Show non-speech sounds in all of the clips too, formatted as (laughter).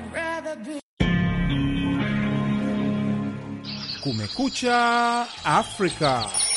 I'd rather be... Kumekucha Afrika.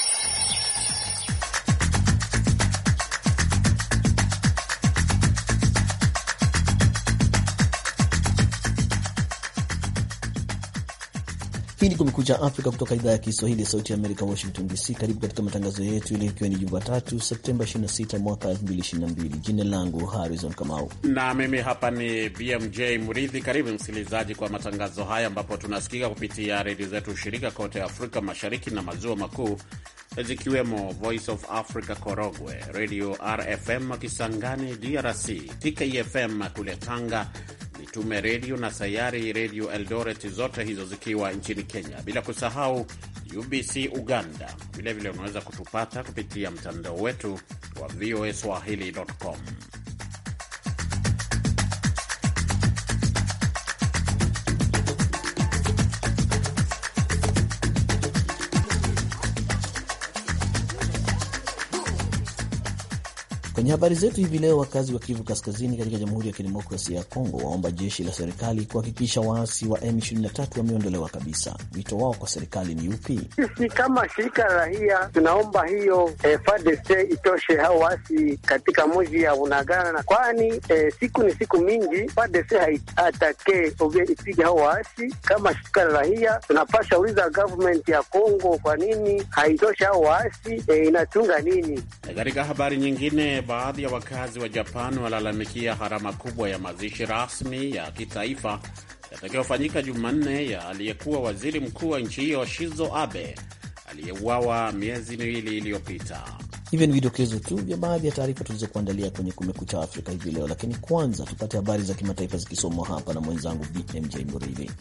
Hii ni Kumekucha Afrika kutoka idhaa ya Kiswahili ya Sauti ya Amerika, Washington DC. Karibu katika matangazo yetu leo, ikiwa ni Jumatatu Septemba 26 mwaka 2022. Jina langu Harrison Kamau na mimi hapa ni BMJ mridhi Karibu msikilizaji kwa matangazo haya, ambapo tunasikika kupitia redio zetu shirika kote Afrika Mashariki na Maziwa Makuu, zikiwemo Voice of Africa Korogwe, Radio RFM Kisangani DRC, TKFM kule Tanga, Mitume Redio na Sayari Redio Eldoret, zote hizo zikiwa nchini Kenya, bila kusahau UBC Uganda. Vilevile unaweza kutupata kupitia mtandao wetu wa VOA swahili.com. Kwenye habari zetu hivi leo, wakazi wa Kivu Kaskazini katika Jamhuri ya Kidemokrasia ya Kongo waomba jeshi la serikali kuhakikisha waasi wa M23 wameondolewa kabisa. Wito wao kwa serikali ni upi? Sisi kama shirika la raia tunaomba hiyo eh, FARDC itoshe hao waasi katika mji ya Bunagana, kwani eh, siku ni siku mingi FARDC ovye ipige hao waasi. Kama shirika la raia tunapasha uliza government ya Kongo kwa nini haitoshe hao waasi, eh, inatunga nini? Katika habari nyingine baadhi ya wakazi wa Japan walalamikia gharama kubwa ya mazishi rasmi ya kitaifa yatakayofanyika Jumanne ya aliyekuwa waziri mkuu wa nchi hiyo Shizo Abe aliyeuawa miezi miwili iliyopita. Hivyo ni vidokezo tu vya baadhi ya taarifa tulizokuandalia kwenye Kumekucha Afrika hivi leo, lakini kwanza tupate habari za kimataifa zikisomwa hapa na mwenzangu BMJ Muridhi.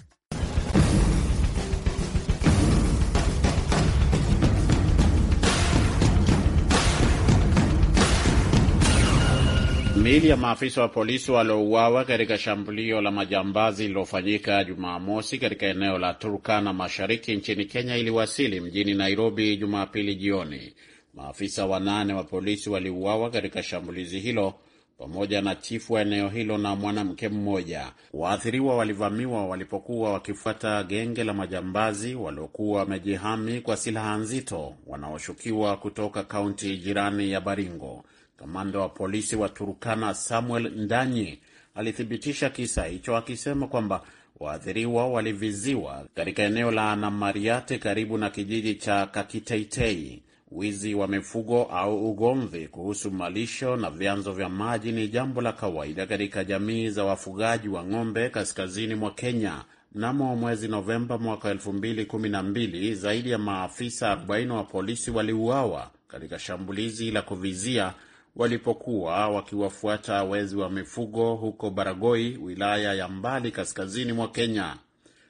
Miili ya maafisa wa polisi waliouawa katika shambulio la majambazi lililofanyika Jumamosi katika eneo la Turkana mashariki nchini Kenya iliwasili mjini Nairobi Jumapili jioni. Maafisa wanane wa polisi waliuawa katika shambulizi hilo pamoja na chifu wa eneo hilo na mwanamke mmoja. Waathiriwa walivamiwa walipokuwa wakifuata genge la majambazi waliokuwa wamejihami kwa silaha nzito wanaoshukiwa kutoka kaunti jirani ya Baringo. Kamanda wa polisi wa turukana Samuel Ndanyi alithibitisha kisa hicho akisema kwamba waathiriwa waliviziwa katika eneo la Anamariate karibu na kijiji cha Kakiteitei. Wizi wa mifugo au ugomvi kuhusu malisho na vyanzo vya maji ni jambo la kawaida katika jamii za wafugaji wa ng'ombe kaskazini mwa Kenya. Mnamo mwezi Novemba mwaka 2012 zaidi ya maafisa 40 wa polisi waliuawa katika shambulizi la kuvizia walipokuwa wakiwafuata wezi wa mifugo huko Baragoi, wilaya ya mbali kaskazini mwa Kenya.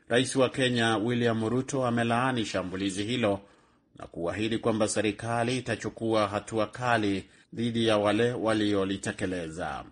Rais wa Kenya William Ruto amelaani shambulizi hilo na kuahidi kwamba serikali itachukua hatua kali dhidi ya wale waliolitekeleza.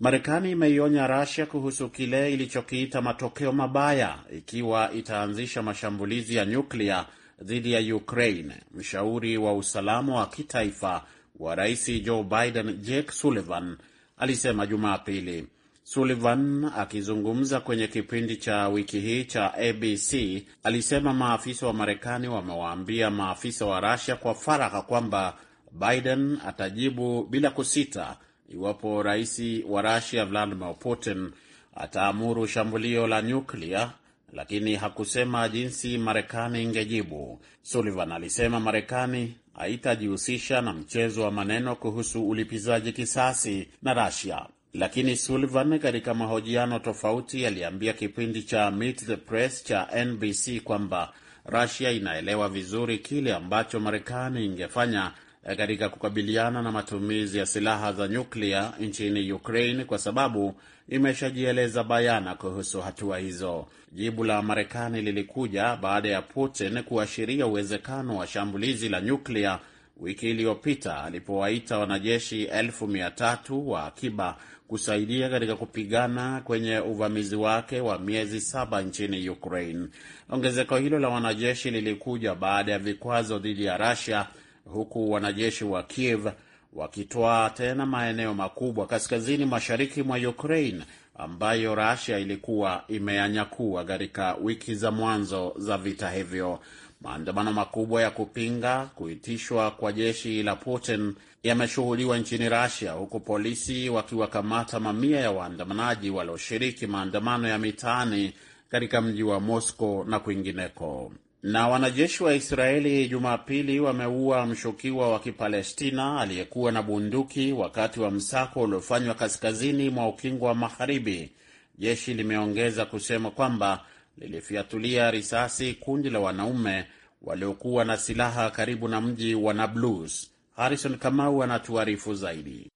Marekani imeionya Russia kuhusu kile ilichokiita matokeo mabaya ikiwa itaanzisha mashambulizi ya nyuklia dhidi ya Ukraine. Mshauri wa usalama wa kitaifa wa rais Joe Biden, Jake Sullivan alisema Jumapili. Sullivan akizungumza kwenye kipindi cha wiki hii cha ABC alisema maafisa wa Marekani wamewaambia maafisa wa rasia kwa faragha kwamba Biden atajibu bila kusita iwapo rais wa rasia Vladimir Putin ataamuru shambulio la nyuklia lakini hakusema jinsi Marekani ingejibu. Sullivan alisema Marekani haitajihusisha na mchezo wa maneno kuhusu ulipizaji kisasi na Russia. Lakini Sullivan katika mahojiano tofauti aliambia kipindi cha Meet the Press cha NBC kwamba Russia inaelewa vizuri kile ambacho Marekani ingefanya eh, katika kukabiliana na matumizi ya silaha za nyuklia nchini Ukraine kwa sababu imeshajieleza bayana kuhusu hatua hizo. Jibu la Marekani lilikuja baada ya Putin kuashiria uwezekano wa shambulizi la nyuklia wiki iliyopita alipowaita wanajeshi elfu mia tatu wa akiba kusaidia katika kupigana kwenye uvamizi wake wa miezi saba nchini Ukraine. Ongezeko hilo la wanajeshi lilikuja baada ya vikwazo dhidi ya Russia, huku wanajeshi wa Kiev wakitoa tena maeneo makubwa kaskazini mashariki mwa Ukraine ambayo Russia ilikuwa imeyanyakua katika wiki za mwanzo za vita hivyo. Maandamano makubwa ya kupinga kuitishwa kwa jeshi la Putin yameshuhudiwa nchini Russia, huku polisi wakiwakamata mamia ya waandamanaji walioshiriki maandamano ya mitaani katika mji wa Moscow na kwingineko. Na wanajeshi wa Israeli Jumapili wameua mshukiwa wa Kipalestina aliyekuwa na bunduki wakati wa msako uliofanywa kaskazini mwa ukingo wa Magharibi. Jeshi limeongeza kusema kwamba lilifiatulia risasi kundi la wanaume waliokuwa na silaha karibu na mji wa Nablus. Harrison Kamau anatuarifu zaidi.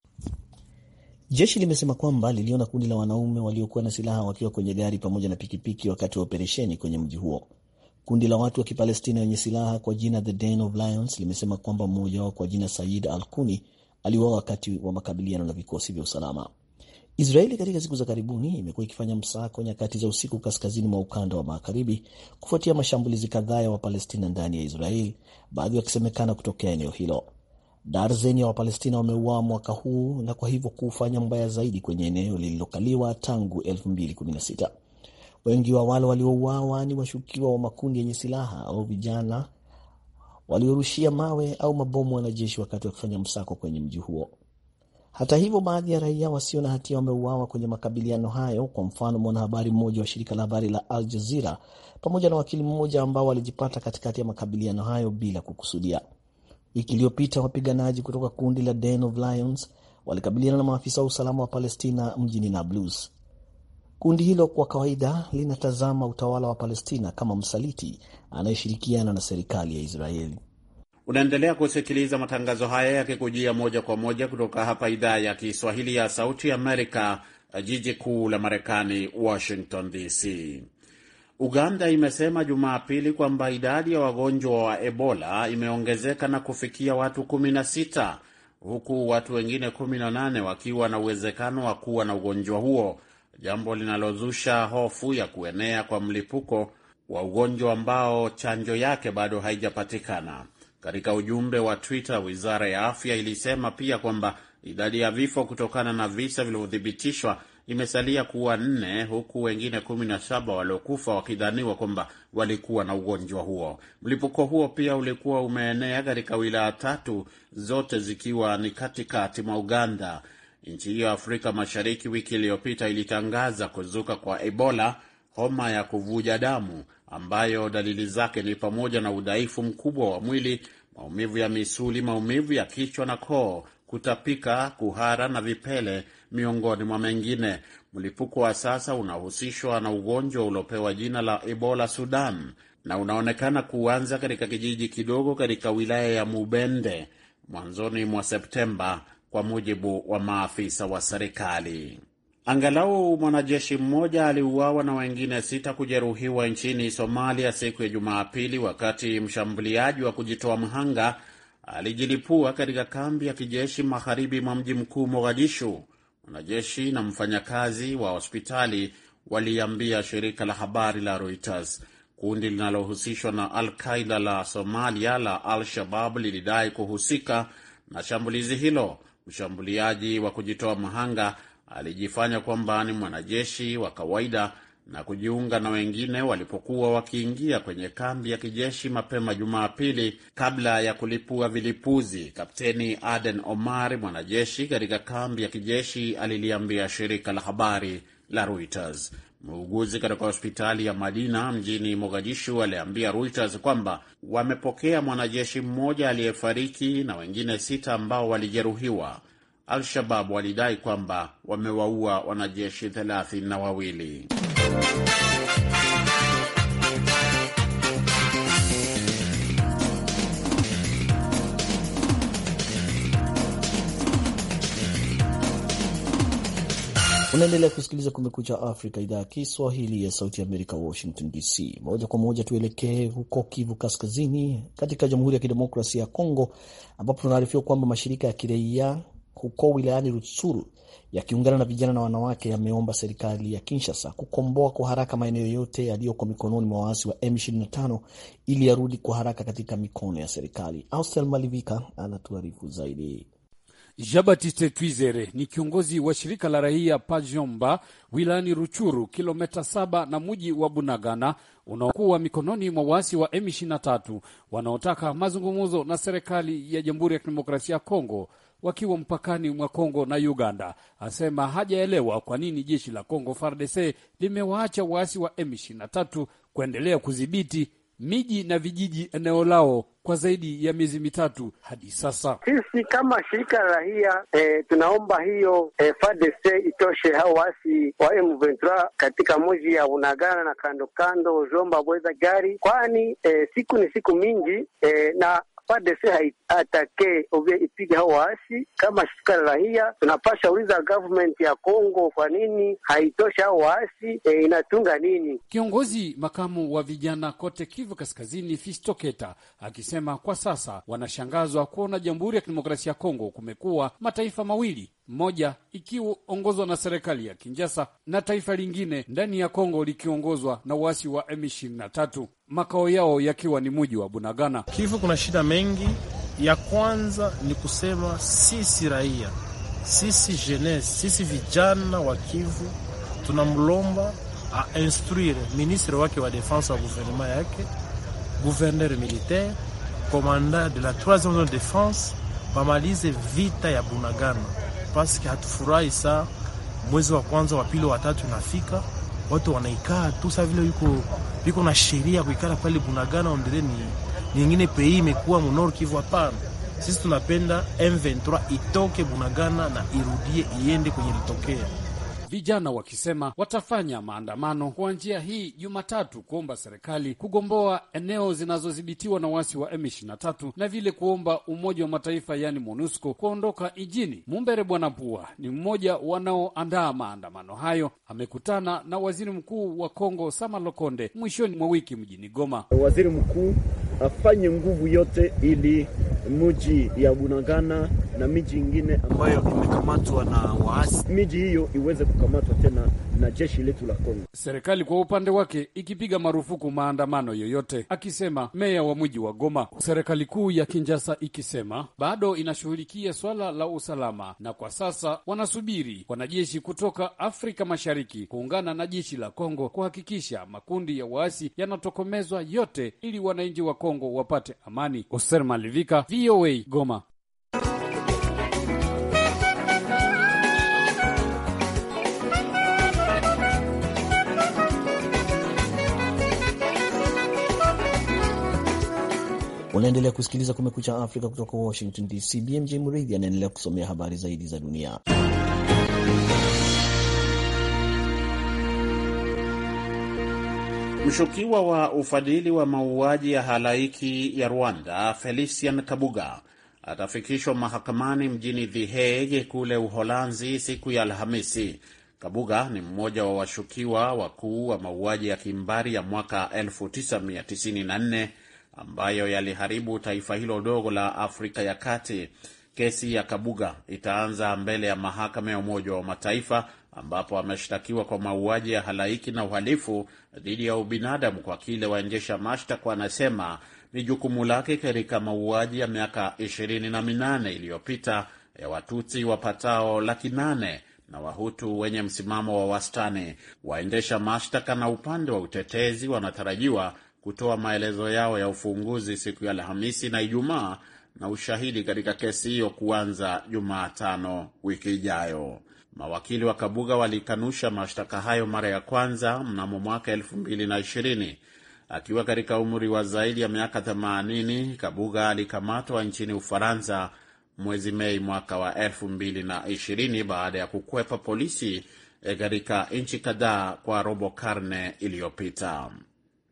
Jeshi limesema kwamba liliona kundi la wanaume waliokuwa na silaha wakiwa kwenye gari pamoja na pikipiki wakati wa operesheni kwenye mji huo. Kundi la watu wa Kipalestina wenye silaha kwa jina The Den of Lions limesema kwamba mmoja wao kwa jina Said Al-Kuni aliuawa wakati wa makabiliano na vikosi vya usalama. Israeli katika siku za karibuni imekuwa ikifanya msako nyakati za usiku kaskazini mwa ukanda wa magharibi kufuatia mashambulizi kadhaa ya Wapalestina ndani ya Israeli, baadhi wakisemekana kutokea eneo hilo. Darzeni ya Wapalestina wameuawa mwaka huu na kwa hivyo kuufanya mbaya zaidi kwenye eneo lililokaliwa tangu 2016. Wengi wa wale waliouawa ni washukiwa wa makundi yenye silaha au vijana waliorushia mawe au mabomu wanajeshi wakati wakifanya msako kwenye mji huo. Hata hivyo, baadhi ya raia wasio na hatia wameuawa kwenye makabiliano hayo. Kwa mfano, mwanahabari mmoja wa shirika la habari la Al Jazeera pamoja na wakili mmoja ambao walijipata katikati ya makabiliano hayo bila kukusudia. Wiki iliyopita wapiganaji kutoka kundi la Den of Lions walikabiliana na maafisa wa usalama wa Palestina mjini Nablus. Kundi hilo kwa kawaida linatazama utawala wa Palestina kama msaliti anayeshirikiana na serikali ya Israeli. Unaendelea kusikiliza matangazo haya yakikujia moja kwa moja kutoka hapa idhaa ya Kiswahili ya Sauti Amerika, jiji kuu la Marekani, Washington DC. Uganda imesema Jumapili kwamba idadi ya wagonjwa wa Ebola imeongezeka na kufikia watu 16 huku watu wengine 18 wakiwa na uwezekano wa kuwa na ugonjwa huo jambo linalozusha hofu ya kuenea kwa mlipuko wa ugonjwa ambao chanjo yake bado haijapatikana. Katika ujumbe wa Twitter, wizara ya afya ilisema pia kwamba idadi ya vifo kutokana na visa vilivyothibitishwa imesalia kuwa nne huku wengine kumi na saba waliokufa wakidhaniwa kwamba walikuwa na ugonjwa huo. Mlipuko huo pia ulikuwa umeenea katika wilaya tatu, zote zikiwa ni katikati mwa Uganda. Nchi hiyo Afrika Mashariki wiki iliyopita ilitangaza kuzuka kwa Ebola, homa ya kuvuja damu ambayo dalili zake ni pamoja na udhaifu mkubwa wa mwili, maumivu ya misuli, maumivu ya kichwa na koo, kutapika, kuhara na vipele, miongoni mwa mengine. Mlipuko wa sasa unahusishwa na ugonjwa uliopewa jina la Ebola Sudan na unaonekana kuanza katika kijiji kidogo katika wilaya ya Mubende mwanzoni mwa Septemba kwa mujibu wa maafisa wa serikali. Angalau mwanajeshi mmoja aliuawa na wengine sita kujeruhiwa nchini Somalia siku ya Jumapili wakati mshambuliaji wa kujitoa mhanga alijilipua katika kambi ya kijeshi magharibi mwa mji mkuu Mogadishu. Mwanajeshi na mfanyakazi wa hospitali waliambia shirika la habari la Reuters. Kundi linalohusishwa na Al-Qaida la Somalia la Al-Shabab lilidai kuhusika na shambulizi hilo. Mshambuliaji wa kujitoa mhanga alijifanya kwamba ni mwanajeshi wa kawaida na kujiunga na wengine walipokuwa wakiingia kwenye kambi ya kijeshi mapema Jumapili kabla ya kulipua vilipuzi. Kapteni Aden Omar, mwanajeshi katika kambi ya kijeshi, aliliambia shirika la habari la Reuters. Muuguzi katika hospitali ya Madina mjini Mogadishu aliambia Reuters kwamba wamepokea mwanajeshi mmoja aliyefariki na wengine sita ambao walijeruhiwa. Al-Shabab walidai kwamba wamewaua wanajeshi thelathini na wawili. Unaendelea kusikiliza Kumekucha Afrika, idhaa ya Kiswahili ya Sauti Amerika, Washington DC. Moja kwa moja tuelekee huko Kivu Kaskazini, katika Jamhuri ya Kidemokrasia ya Kongo, ambapo tunaarifiwa kwamba mashirika ya kiraia huko wilayani Rutsuru yakiungana na vijana na wanawake yameomba serikali ya Kinshasa kukomboa kwa haraka maeneo yote yaliyokwa mikononi mwa waasi wa M25 ili yarudi kwa haraka katika mikono ya serikali. Austel Malivika anatuarifu zaidi. Jean-Baptiste Twizere ni kiongozi wa shirika la raia Pajomba wilayani Ruchuru, kilomita saba na mji wa Bunagana unaokuwa mikononi mwa waasi wa M23 wanaotaka mazungumzo na serikali ya Jamhuri ya Kidemokrasia ya Kongo wakiwa mpakani mwa Kongo na Uganda. Asema hajaelewa kwa nini jeshi la Kongo FARDC limewaacha waasi wa M23 kuendelea kudhibiti miji na vijiji eneo lao kwa zaidi ya miezi mitatu hadi sasa. Sisi kama shirika la raia e, tunaomba hiyo e, eh, FARDC itoshe hao waasi wa M23 katika mji ya Bunagana na kando kando Zomba Bweza Gari, kwani e, siku ni siku mingi e, na FARDC atake ovye ipige hao waasi. Kama shirika la raia tunapasha uliza government ya Kongo kwa nini haitosha hao waasi e, inatunga nini? Kiongozi makamu wa vijana kote Kivu Kaskazini Fisto Keta akisema kwa sasa wanashangazwa kuona Jamhuri ya Kidemokrasia ya Kongo kumekuwa mataifa mawili moja ikiongozwa na serikali ya kinjasa na taifa lingine ndani ya Kongo likiongozwa na waasi wa M23, makao yao yakiwa ni muji wa Bunagana. Kivu kuna shida mengi ya kwanza ni kusema sisi raia, sisi jeunesse, sisi vijana wa Kivu tunamlomba a instruire ministre wake wa defense wa guvernema yake, gouverneur militaire, commanda de la troisième zone de defense bamalize vita ya Bunagana, paske hatufurahi saa mwezi wa kwanza wa pili wa tatu nafika watu wanaikaa tu saa vile yuko, yuko na sheria kuikala pale Bunagana ondere ni nyingine pei imekuwa munor Kivu. Hapana, sisi tunapenda M23 itoke Bunagana na irudie iende kwenye litokea. Vijana wakisema watafanya maandamano kwa njia hii Jumatatu kuomba serikali kugomboa eneo zinazodhibitiwa na wasi wa M23 na vile kuomba Umoja wa Mataifa yani MONUSCO kuondoka ijini Mumbere Bwana Pua ni mmoja wanaoandaa maandamano hayo, amekutana na waziri mkuu wa Kongo Sama Lokonde mwishoni mwa wiki mjini Goma. Waziri mkuu afanye nguvu yote ili muji ya Bunagana na miji ingine ambayo imekamatwa na waasi, miji hiyo iweze kukamatwa tena na jeshi letu la Kongo. Serikali kwa upande wake ikipiga marufuku maandamano yoyote, akisema meya wa mji wa Goma. Serikali kuu ya kinjasa ikisema bado inashughulikia swala la usalama, na kwa sasa wanasubiri wanajeshi kutoka Afrika Mashariki kuungana na jeshi la Kongo kuhakikisha makundi ya waasi yanatokomezwa yote, ili wananchi wa Kongo Kongo wapate amani. Oser Malivika, VOA Goma. Unaendelea kusikiliza Kumekucha Afrika kutoka Washington DC. BMJ Mridhi anaendelea kusomea habari zaidi za dunia. Mshukiwa wa ufadhili wa mauaji ya halaiki ya Rwanda, Felician Kabuga atafikishwa mahakamani mjini The Hague kule Uholanzi siku ya Alhamisi. Kabuga ni mmoja wa washukiwa wakuu wa mauaji ya kimbari ya mwaka 1994 ambayo yaliharibu taifa hilo dogo la Afrika ya Kati. Kesi ya Kabuga itaanza mbele ya mahakama ya Umoja wa Mataifa ambapo ameshtakiwa kwa mauaji ya halaiki na uhalifu dhidi ya ubinadamu kwa kile waendesha mashtaka wanasema ni jukumu lake katika mauaji ya miaka ishirini na minane iliyopita ya Watutsi wapatao laki nane na Wahutu wenye msimamo wa wastani. Waendesha mashtaka na upande wa utetezi wanatarajiwa kutoa maelezo yao ya ufunguzi siku ya Alhamisi na Ijumaa na ushahidi katika kesi hiyo kuanza Jumatano wiki ijayo. Mawakili wa Kabuga walikanusha mashtaka hayo mara ya kwanza mnamo mwaka ishirini Akiwa katika umri wa zaidi ya miaka 80, Kabuga alikamatwa nchini Ufaransa mwezi Mei mwaka wa ishirini baada ya kukwepa polisi eh, katika nchi kadhaa kwa robo karne iliyopita.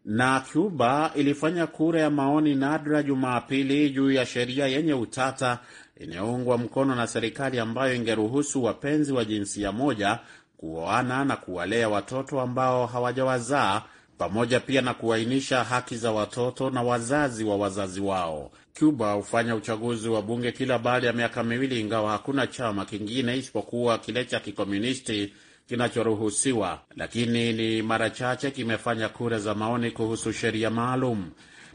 Na Cuba ilifanya kura ya maoni nadra Jumapili juu ya sheria yenye utata inayoungwa mkono na serikali ambayo ingeruhusu wapenzi wa jinsia moja kuoana na kuwalea watoto ambao hawajawazaa pamoja pia na kuainisha haki za watoto na wazazi wa wazazi wao. Cuba hufanya uchaguzi wa bunge kila baada ya miaka miwili, ingawa hakuna chama kingine isipokuwa kile cha kikomunisti kinachoruhusiwa, lakini ni mara chache kimefanya kura za maoni kuhusu sheria maalum,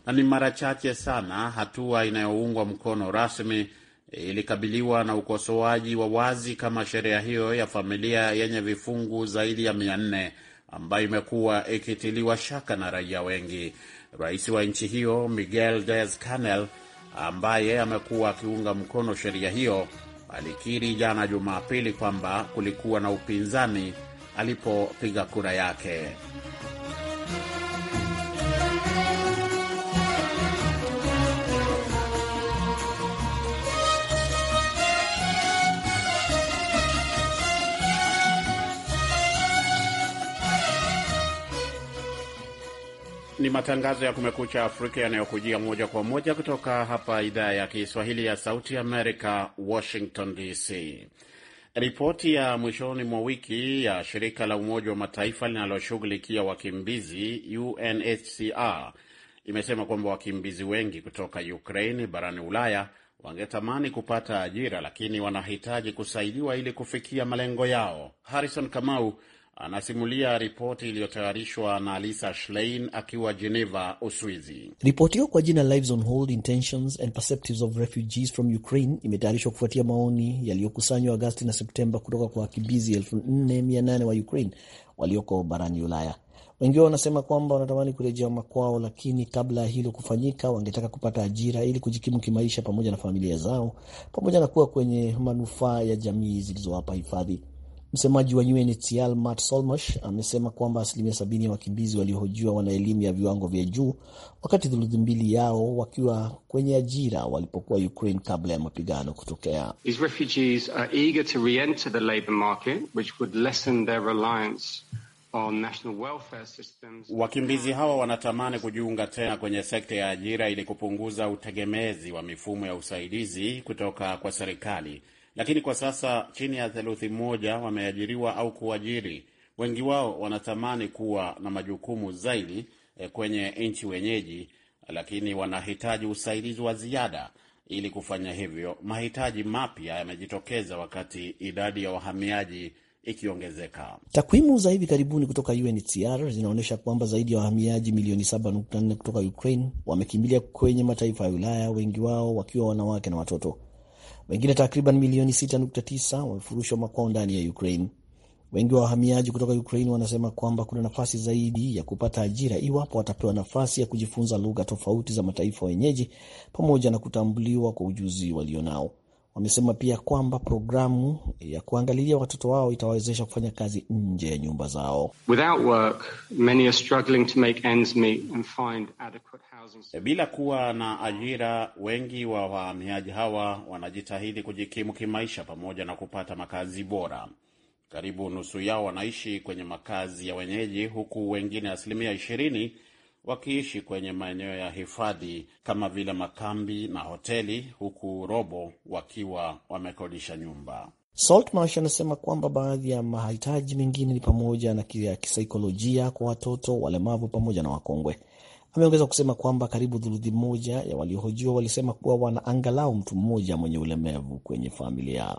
na ni mara chache sana hatua inayoungwa mkono rasmi ilikabiliwa na ukosoaji wa wazi kama sheria hiyo ya familia yenye vifungu zaidi ya mia nne ambayo imekuwa ikitiliwa shaka na raia wengi. Rais wa nchi hiyo Miguel Diaz Canel, ambaye amekuwa akiunga mkono sheria hiyo, alikiri jana Jumapili kwamba kulikuwa na upinzani alipopiga kura yake. Ni matangazo ya Kumekucha Afrika yanayokujia moja kwa moja kutoka hapa idhaa ya Kiswahili ya Sauti Amerika, Washington DC. Ripoti ya mwishoni mwa wiki ya shirika la Umoja wa Mataifa linaloshughulikia wakimbizi UNHCR imesema kwamba wakimbizi wengi kutoka ukrain barani Ulaya wangetamani kupata ajira lakini wanahitaji kusaidiwa ili kufikia malengo yao. Harrison Kamau anasimulia ripoti iliyotayarishwa na Lisa Schlein akiwa Geneva, Uswizi. Ripoti hiyo kwa jina Lives on Hold, Intentions and Perceptives of Refugees from Ukraine imetayarishwa kufuatia maoni yaliyokusanywa Agasti na Septemba kutoka kwa wakimbizi 4800 wa Ukraine walioko barani Ulaya. Wengi wao wanasema kwamba wanatamani kurejea makwao, lakini kabla ya hilo kufanyika, wangetaka kupata ajira ili kujikimu kimaisha pamoja na familia zao, pamoja na kuwa kwenye manufaa ya jamii zilizowapa hifadhi. Msemaji wa UNHCR Matt Solmosh amesema kwamba asilimia sabini ya wakimbizi waliohojiwa wana elimu ya viwango vya juu, wakati theluthi mbili yao wakiwa kwenye ajira walipokuwa Ukraine kabla ya mapigano kutokea. Wakimbizi hawa wanatamani kujiunga tena kwenye sekta ya ajira ili kupunguza utegemezi wa mifumo ya usaidizi kutoka kwa serikali lakini kwa sasa chini ya theluthi moja wameajiriwa au kuajiri. Wengi wao wanatamani kuwa na majukumu zaidi eh, kwenye nchi wenyeji, lakini wanahitaji usaidizi wa ziada ili kufanya hivyo. Mahitaji mapya yamejitokeza wakati idadi ya wahamiaji ikiongezeka. Takwimu za hivi karibuni kutoka UNHCR zinaonyesha kwamba zaidi ya wahamiaji milioni 7.4 kutoka Ukraine wamekimbilia kwenye mataifa ya Ulaya, wengi wao wakiwa wanawake na watoto. Wengine takriban milioni 6.9 wamefurushwa makwao ndani ya Ukraine. Wengi wa wahamiaji kutoka Ukraine wanasema kwamba kuna nafasi zaidi ya kupata ajira iwapo watapewa nafasi ya kujifunza lugha tofauti za mataifa wenyeji pamoja na kutambuliwa kwa ujuzi walionao. Wamesema pia kwamba programu ya kuangalia watoto wao itawawezesha kufanya kazi nje ya nyumba zao. E, bila kuwa na ajira, wengi wa wahamiaji hawa wanajitahidi kujikimu kimaisha pamoja na kupata makazi bora. Karibu nusu yao wanaishi kwenye makazi ya wenyeji, huku wengine asilimia ishirini wakiishi kwenye maeneo ya hifadhi kama vile makambi na hoteli, huku robo wakiwa wamekodisha nyumba. Saltmarsh anasema kwamba baadhi ya mahitaji mengine ni pamoja na ya kisaikolojia kwa watoto walemavu pamoja na wakongwe. Ameongeza kusema kwamba karibu thuluthi moja ya waliohojiwa walisema kuwa wana angalau mtu mmoja mwenye ulemavu kwenye familia.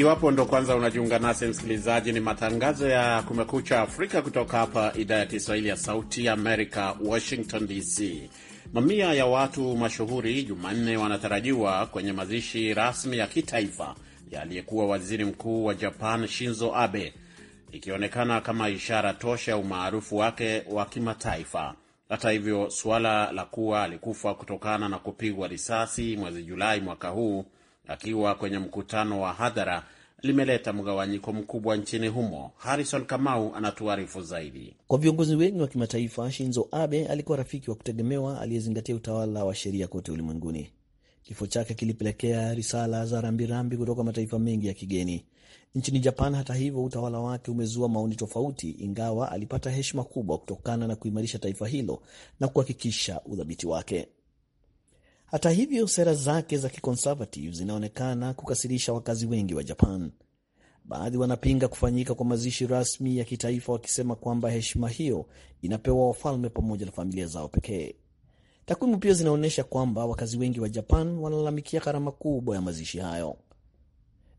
Iwapo ndo kwanza unajiunga nasi msikilizaji, ni matangazo ya Kumekucha Afrika kutoka hapa idhaa ya Kiswahili ya Sauti ya Amerika, Washington DC. Mamia ya watu mashuhuri Jumanne wanatarajiwa kwenye mazishi rasmi ya kitaifa ya aliyekuwa waziri mkuu wa Japan Shinzo Abe, ikionekana kama ishara tosha ya umaarufu wake wa kimataifa. Hata hivyo, suala la kuwa alikufa kutokana na kupigwa risasi mwezi Julai mwaka huu akiwa kwenye mkutano wa hadhara limeleta mgawanyiko mkubwa nchini humo. Harrison Kamau anatuarifu zaidi. Kwa viongozi wengi wa kimataifa, Shinzo Abe alikuwa rafiki wa kutegemewa aliyezingatia utawala wa sheria kote ulimwenguni. Kifo chake kilipelekea risala za rambirambi kutoka mataifa mengi ya kigeni. Nchini Japan, hata hivyo, utawala wake umezua maoni tofauti, ingawa alipata heshima kubwa kutokana na kuimarisha taifa hilo na kuhakikisha udhabiti wake. Hata hivyo, sera zake za kiconservative zinaonekana kukasirisha wakazi wengi wa Japan. Baadhi wanapinga kufanyika kwa mazishi rasmi ya kitaifa, wakisema kwamba heshima hiyo inapewa wafalme pamoja na familia zao pekee. Takwimu pia zinaonyesha kwamba wakazi wengi wa Japan wanalalamikia gharama kubwa ya mazishi hayo.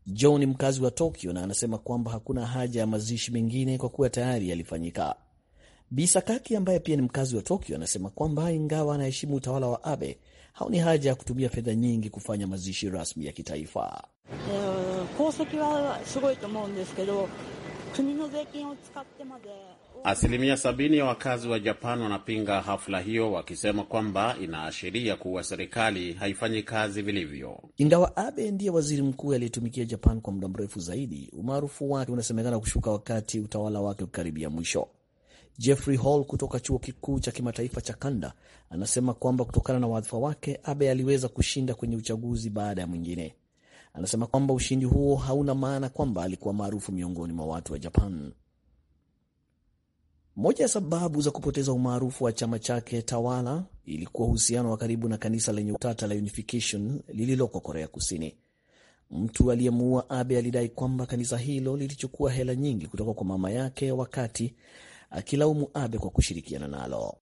Joe ni mkazi wa Tokyo na anasema kwamba hakuna haja ya mazishi mengine kwa kuwa tayari yalifanyika. Bisakaki ambaye pia ni mkazi wa Tokyo anasema kwamba ingawa anaheshimu utawala wa Abe, haoni haja ya kutumia fedha nyingi kufanya mazishi rasmi ya kitaifa. Eh, Asilimia sabini ya wakazi wa Japan wanapinga hafla hiyo wakisema kwamba inaashiria kuwa serikali haifanyi kazi vilivyo. Ingawa Abe ndiye waziri mkuu aliyetumikia Japan kwa muda mrefu zaidi, umaarufu wake unasemekana kushuka wakati utawala wake ukikaribia mwisho. Jeffrey Hall kutoka chuo kikuu cha kimataifa cha Kanda anasema kwamba kutokana na wadhifa wake Abe aliweza kushinda kwenye uchaguzi baada ya mwingine. Anasema kwamba ushindi huo hauna maana kwamba alikuwa maarufu miongoni mwa watu wa Japan. Moja ya sababu za kupoteza umaarufu wa chama chake tawala ilikuwa uhusiano wa karibu na kanisa lenye utata la Unification lililoko Korea Kusini. Mtu aliyemuua Abe alidai kwamba kanisa hilo lilichukua hela nyingi kutoka kwa mama yake wakati akilaumu Abe kwa kushirikiana nalo.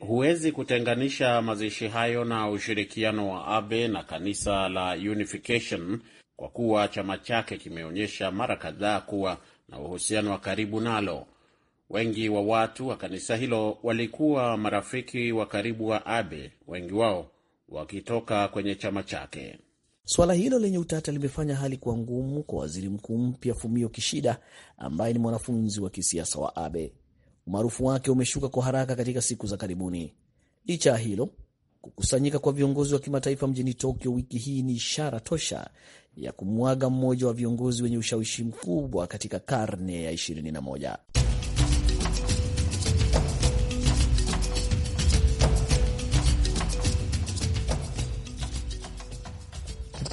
Huwezi kutenganisha mazishi hayo na ushirikiano wa Abe na kanisa la Unification kwa kuwa chama chake kimeonyesha mara kadhaa kuwa na uhusiano wa karibu nalo. Wengi wa watu wa kanisa hilo walikuwa marafiki wa karibu wa Abe, wengi wao wakitoka kwenye chama chake. Suala hilo lenye utata limefanya hali kuwa ngumu kwa waziri mkuu mpya Fumio Kishida ambaye ni mwanafunzi wa kisiasa wa Abe. Umaarufu wake umeshuka kwa haraka katika siku za karibuni. Licha ya hilo, kukusanyika kwa viongozi wa kimataifa mjini Tokyo wiki hii ni ishara tosha ya kumwaga mmoja wa viongozi wenye ushawishi mkubwa katika karne ya 21.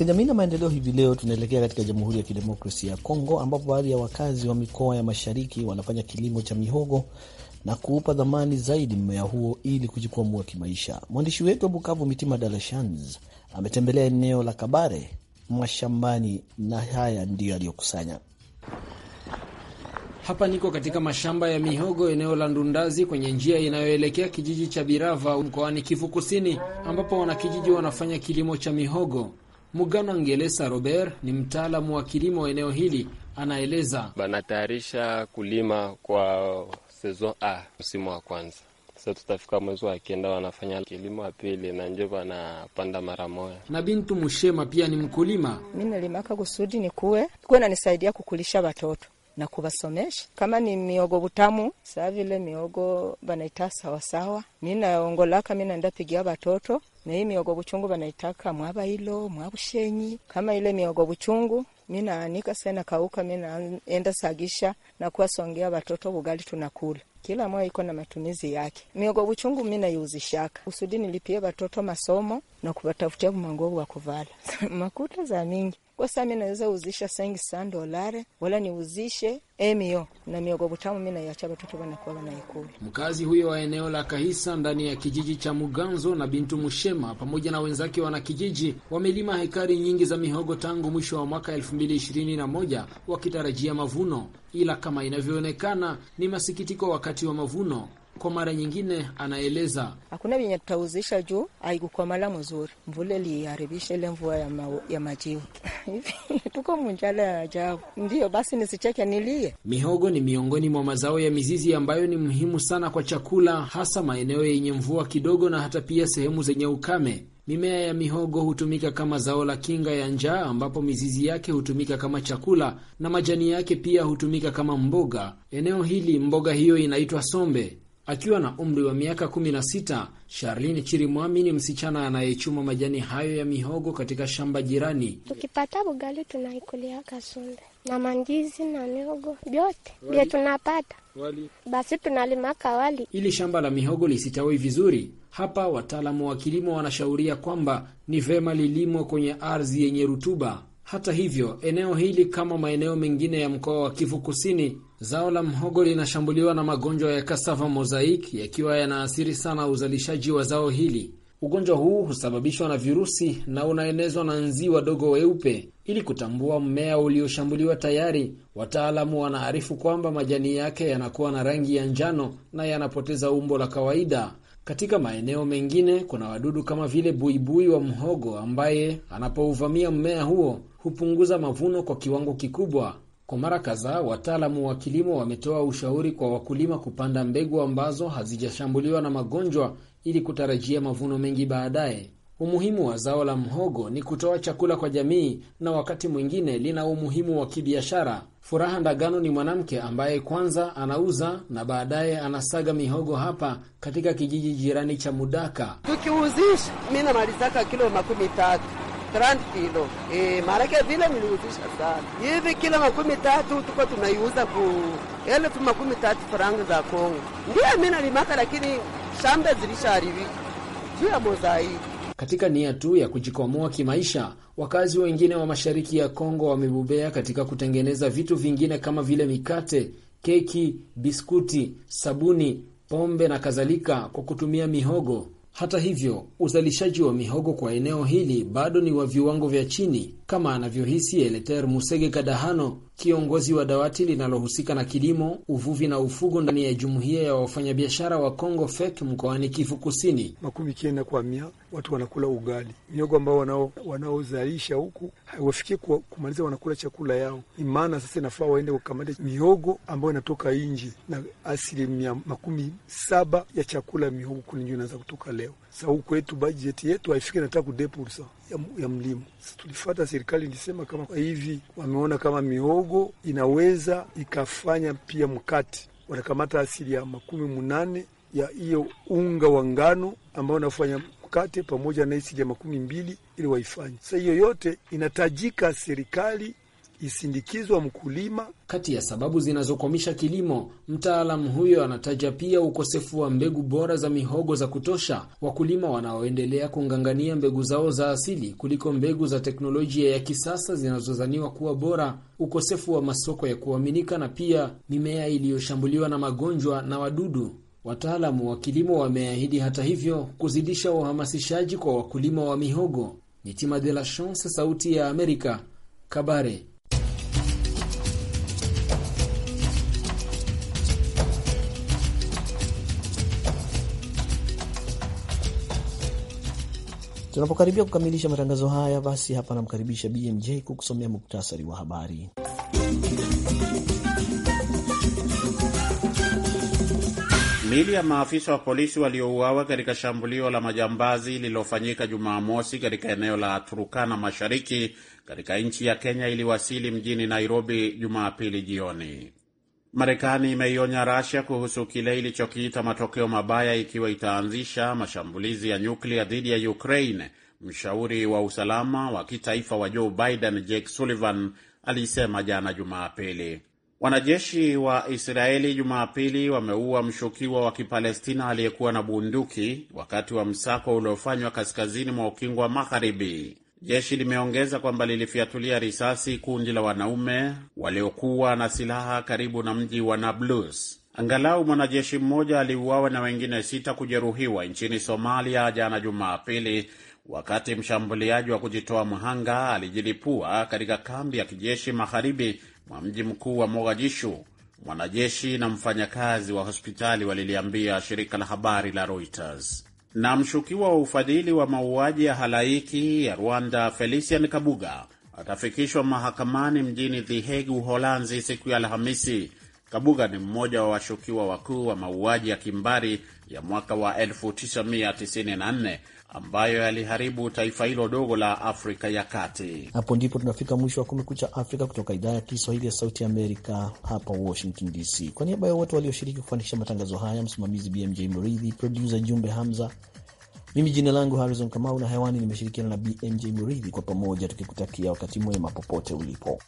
Katika jamii na maendeleo, hivi leo tunaelekea katika Jamhuri ya Kidemokrasia ya Kongo, ambapo baadhi ya wakazi wa mikoa ya mashariki wanafanya kilimo cha mihogo na kuupa dhamani zaidi mmea huo ili kujikwamua kimaisha. Mwandishi wetu wa Bukavu, Mitima Dalashans, ametembelea eneo la Kabare mashambani, na haya ndiyo aliyokusanya. Hapa niko katika mashamba ya mihogo eneo la Ndundazi kwenye njia inayoelekea kijiji cha Birava mkoani Kivu Kusini, ambapo wanakijiji wanafanya kilimo cha mihogo. Mugano Angelesa Robert ni mtaalamu wa kilimo eneo hili, anaeleza banatayarisha kulima kwa sezon A, msimu wa kwanza. Sasa tutafika mwezi wa kenda, wanafanya kilimo wa pili na njo wanapanda mara moya. Na Bintu Mushema pia ni mkulima. Mi nalimaka kusudi nikuwe kuwe nanisaidia kukulisha watoto na kubasomesha. Kama ni miogo butamu, saa vile miogo banaita sawasawa, minaongolaka mina ndapigia batoto na hii miogo buchungu banaitaka mwaba mwabailo mwabushenyi. Kama ile miogo buchungu minaanika sena kauka, minaenda sagisha na kuwasongea batoto bugali tunakula kila mwa iko na matumizi yake. Miogo buchungu mi naiuzishaka kusudi nilipie batoto masomo na kubatafutia bumanguo wa kuvala (laughs) makuta za mingi kwa saa mi naweza uzisha sengi sani dolare wala niuzishe emio na miogo butamu, mi naiacha batoto wanakuwa wanaikula. Mkazi huyo wa eneo la Kahisa ndani ya kijiji cha Muganzo na Bintu Mushema pamoja na wenzake wanakijiji wamelima hekari nyingi za mihogo tangu mwisho wa mwaka moja wakitarajia mavuno, ila kama inavyoonekana ni masikitiko wakati wa mavuno kwa mara nyingine anaeleza hakuna vyenye tutauzisha juu aikukomala mzuri, mvule liharibisha ile mvua ya, ma, ya majivu (laughs) tuko munjala ya ajabu. Ndiyo basi nisicheke nilie. Mihogo ni miongoni mwa mazao ya mizizi ambayo ni muhimu sana kwa chakula, hasa maeneo yenye mvua kidogo na hata pia sehemu zenye ukame. Mimea ya mihogo hutumika kama zao la kinga ya njaa, ambapo mizizi yake hutumika kama chakula na majani yake pia hutumika kama mboga. Eneo hili mboga hiyo inaitwa sombe. Akiwa na umri wa miaka 16, Sharlin Chirimwami ni msichana anayechuma majani hayo ya mihogo katika shamba jirani. Tukipata bugali tunaikulia kasumbe na mandizi na mihogo vyote vye tunapata wali. Basi tunalima kawali ili shamba la mihogo lisitawi vizuri. Hapa wataalamu wa kilimo wanashauria kwamba ni vema lilimwa kwenye ardhi yenye rutuba. Hata hivyo, eneo hili kama maeneo mengine ya mkoa wa Kivu Kusini zao la mhogo linashambuliwa na magonjwa ya cassava mosaic yakiwa yanaathiri sana uzalishaji wa zao hili. Ugonjwa huu husababishwa na virusi na unaenezwa na nzi wadogo weupe. Ili kutambua mmea ulioshambuliwa tayari, wataalamu wanaarifu kwamba majani yake yanakuwa na rangi ya njano na yanapoteza umbo la kawaida. Katika maeneo mengine kuna wadudu kama vile buibui wa mhogo ambaye anapouvamia mmea huo hupunguza mavuno kwa kiwango kikubwa. Kwa mara kadhaa wataalamu wa kilimo wametoa ushauri kwa wakulima kupanda mbegu ambazo hazijashambuliwa na magonjwa ili kutarajia mavuno mengi baadaye. Umuhimu wa zao la mhogo ni kutoa chakula kwa jamii na wakati mwingine lina umuhimu wa kibiashara. Furaha Ndagano ni mwanamke ambaye kwanza anauza na baadaye anasaga mihogo hapa katika kijiji jirani cha Mudaka. Tukiuzisha, mi namalizaka kilo makumi tatu 30 eh, kilo e, maraki vile nilirudisha sana hivi kila makumi tatu tuko tunaiuza ku elfu makumi tatu faranga za Kongo. Ndiyo mimi nalimaka, lakini shamba zilishaharibika juu ya mozaiki. Katika nia tu ya kujikwamua kimaisha, wakazi wengine wa mashariki ya Kongo wamebobea katika kutengeneza vitu vingine kama vile mikate, keki, biskuti, sabuni, pombe na kadhalika kwa kutumia mihogo. Hata hivyo, uzalishaji wa mihogo kwa eneo hili bado ni wa viwango vya chini kama anavyohisi Eleter Musege Kadahano, kiongozi wa dawati linalohusika na kilimo, uvuvi na ufugo ndani ya jumuiya ya wafanyabiashara wa congo FEK mkoani Kivu Kusini. makumi kienda kwa mia watu wanakula ugali, miogo ambao wanao wanaozalisha huku haiwafikie kumaliza, wanakula chakula yao. Ni maana sasa inafaa waende kukamata miogo ambayo inatoka nje, na asilimia makumi saba ya chakula miogo kuni ndio inaweza kutoka leo Sa huku yetu bajeti yetu haifiki nataka ku ya, ya mlimo. tulifata serikali ilisema kama kwa hivi wameona kama miogo inaweza ikafanya pia mkati, wanakamata asili ya makumi munane ya hiyo unga wa ngano ambao unafanya mkate pamoja na isili ya makumi mbili ili waifanye. sa hiyo yote inatajika serikali isindikizwa mkulima. Kati ya sababu zinazokwamisha kilimo, mtaalamu huyo anataja pia ukosefu wa mbegu bora za mihogo za kutosha, wakulima wanaoendelea kung'ang'ania mbegu zao za asili kuliko mbegu za teknolojia ya kisasa zinazozaniwa kuwa bora, ukosefu wa masoko ya kuaminika, na pia mimea iliyoshambuliwa na magonjwa na wadudu. Wataalamu wa kilimo wameahidi hata hivyo kuzidisha uhamasishaji kwa wakulima wa mihogo. Nitima de la Chance, Sauti ya Amerika, Kabare. Tunapokaribia kukamilisha matangazo haya, basi hapa namkaribisha BMJ kukusomea muktasari wa habari. Miili ya maafisa wa polisi waliouawa katika shambulio la majambazi lililofanyika Jumamosi katika eneo la Turukana Mashariki katika nchi ya Kenya iliwasili mjini Nairobi Jumapili jioni. Marekani imeionya Rasia kuhusu kile ilichokiita matokeo mabaya ikiwa itaanzisha mashambulizi ya nyuklia dhidi ya Ukraine. Mshauri wa usalama wa kitaifa wa Joe Biden, Jake Sullivan, alisema jana Jumapili. Wanajeshi wa Israeli Jumapili wameua mshukiwa wa Kipalestina aliyekuwa na bunduki wakati wa msako uliofanywa kaskazini mwa ukingo wa Magharibi. Jeshi limeongeza kwamba lilifyatulia risasi kundi la wanaume waliokuwa na silaha karibu na mji wa Nablus. Angalau mwanajeshi mmoja aliuawa na wengine sita kujeruhiwa nchini Somalia jana Jumapili, wakati mshambuliaji wa kujitoa mhanga alijilipua katika kambi ya kijeshi magharibi mwa mji mkuu wa Mogadishu. Mwanajeshi na mfanyakazi wa hospitali waliliambia shirika la habari la Reuters. Na mshukiwa wa ufadhili wa mauaji ya halaiki ya Rwanda Felician Kabuga atafikishwa mahakamani mjini The Hague, Uholanzi, siku ya Alhamisi. Kabuga ni mmoja wa washukiwa wakuu wa mauaji ya kimbari ya mwaka wa 1994 ambayo yaliharibu taifa hilo dogo la Afrika ya Kati. Hapo ndipo tunafika mwisho wa Kumekucha Afrika kutoka idhaa ya Kiswahili ya Sauti Amerika, hapa Washington DC. Kwa niaba ya wote walioshiriki kufanikisha matangazo haya, msimamizi BMJ Mridhi, produsa Jumbe Hamza, mimi jina langu Harrison Kamau na hewani nimeshirikiana na BMJ Mridhi, kwa pamoja tukikutakia wakati mwema popote ulipo.